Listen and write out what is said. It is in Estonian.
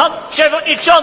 Pan przewodniczący!